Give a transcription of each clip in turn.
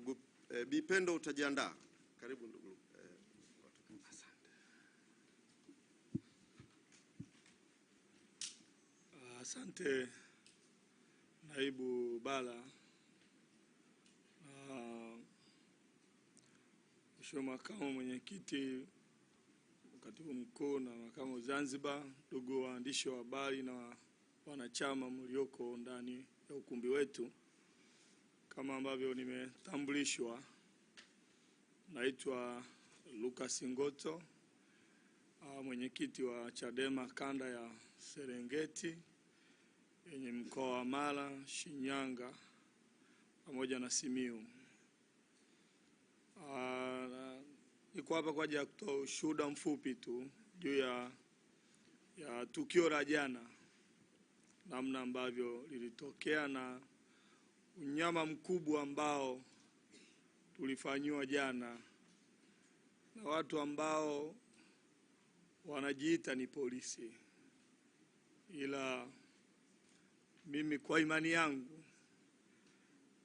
Ndugu eh, Bipendo utajiandaa. Karibu ndugu eh, asante. naibu Bala na Mheshimiwa makamu mwenyekiti, katibu mkuu na makamu Zanzibar, ndugu waandishi wa habari na wanachama mlioko ndani ya ukumbi wetu kama ambavyo nimetambulishwa, naitwa Lucas Ngoto, uh, mwenyekiti wa Chadema kanda ya Serengeti yenye mkoa wa Mara, Shinyanga pamoja na simiu uh, Niko hapa kwa ajili ya kutoa ushuhuda mfupi tu juu ya, ya tukio la jana namna ambavyo lilitokea na Unyama mkubwa ambao tulifanyiwa jana na watu ambao wanajiita ni polisi, ila mimi kwa imani yangu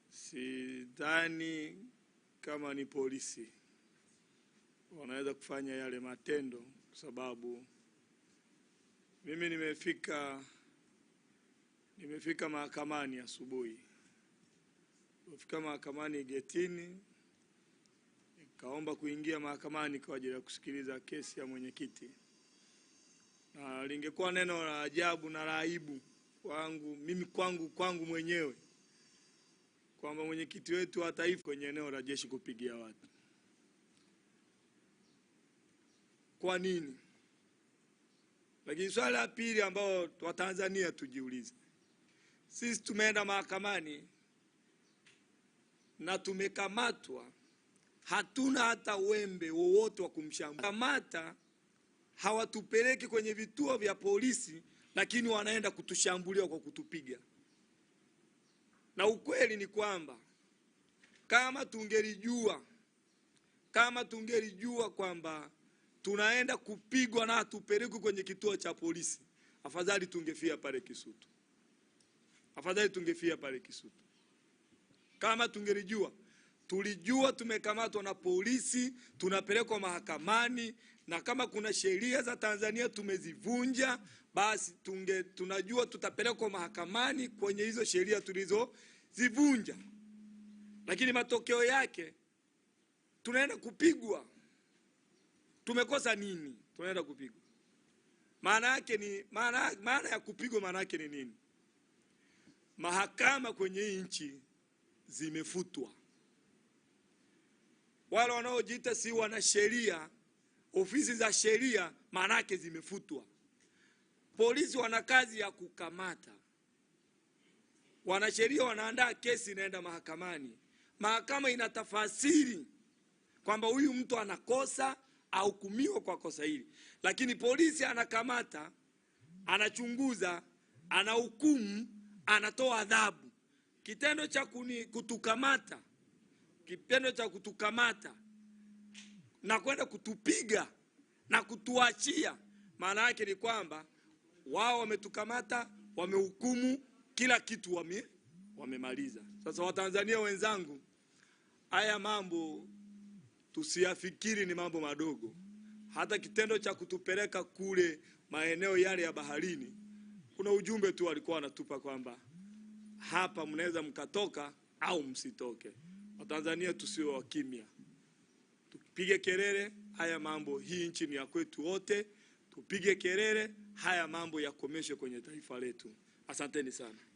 sidhani kama ni polisi wanaweza kufanya yale matendo, kwa sababu mimi nimefika nimefika mahakamani asubuhi Nilifika mahakamani getini, nikaomba kuingia mahakamani kwa ajili ya kusikiliza kesi ya mwenyekiti, na lingekuwa neno la ajabu na la aibu kwangu mimi, kwangu kwangu mwenyewe kwamba mwenyekiti wetu wa taifa kwenye eneo la jeshi kupigia watu. Kwa nini? Lakini swala la pili ambao Watanzania tujiulize, sisi tumeenda mahakamani na tumekamatwa, hatuna hata wembe wowote wa kumshambulia. Kamata hawatupeleki kwenye vituo vya polisi, lakini wanaenda kutushambulia kwa kutupiga. Na ukweli ni kwamba kama tungelijua kama tungelijua kwamba tunaenda kupigwa na hatupelekwi kwenye kituo cha polisi, afadhali tungefia pale Kisutu, afadhali tungefia pale Kisutu. Kama tungelijua, tulijua tumekamatwa na polisi, tunapelekwa mahakamani, na kama kuna sheria za Tanzania tumezivunja, basi tunge, tunajua tutapelekwa mahakamani kwenye hizo sheria tulizozivunja, lakini matokeo yake tunaenda kupigwa. Tumekosa nini? Tunaenda kupigwa. Maana yake ni maana, ya kupigwa maana yake ni nini? Mahakama kwenye hii nchi zimefutwa. Wale wanaojiita si wana sheria, ofisi za sheria, maanake zimefutwa. Polisi wana kazi ya kukamata, wanasheria wanaandaa kesi, inaenda mahakamani, mahakama inatafasiri kwamba huyu mtu anakosa ahukumiwa kwa kosa hili, lakini polisi anakamata, anachunguza, anahukumu, anatoa adhabu kitendo cha kuni, kutukamata kitendo cha kutukamata na kwenda kutupiga na kutuachia, maana yake ni kwamba wao wametukamata, wamehukumu kila kitu, wame wamemaliza. Sasa Watanzania wenzangu, haya mambo tusiyafikiri ni mambo madogo. Hata kitendo cha kutupeleka kule maeneo yale ya baharini, kuna ujumbe tu walikuwa wanatupa kwamba hapa mnaweza mkatoka au msitoke. Watanzania tusiwe wakimya, tupige kelele haya mambo. Hii nchi ni ya kwetu wote, tupige kelele haya mambo yakomeshwe kwenye taifa letu. Asanteni sana.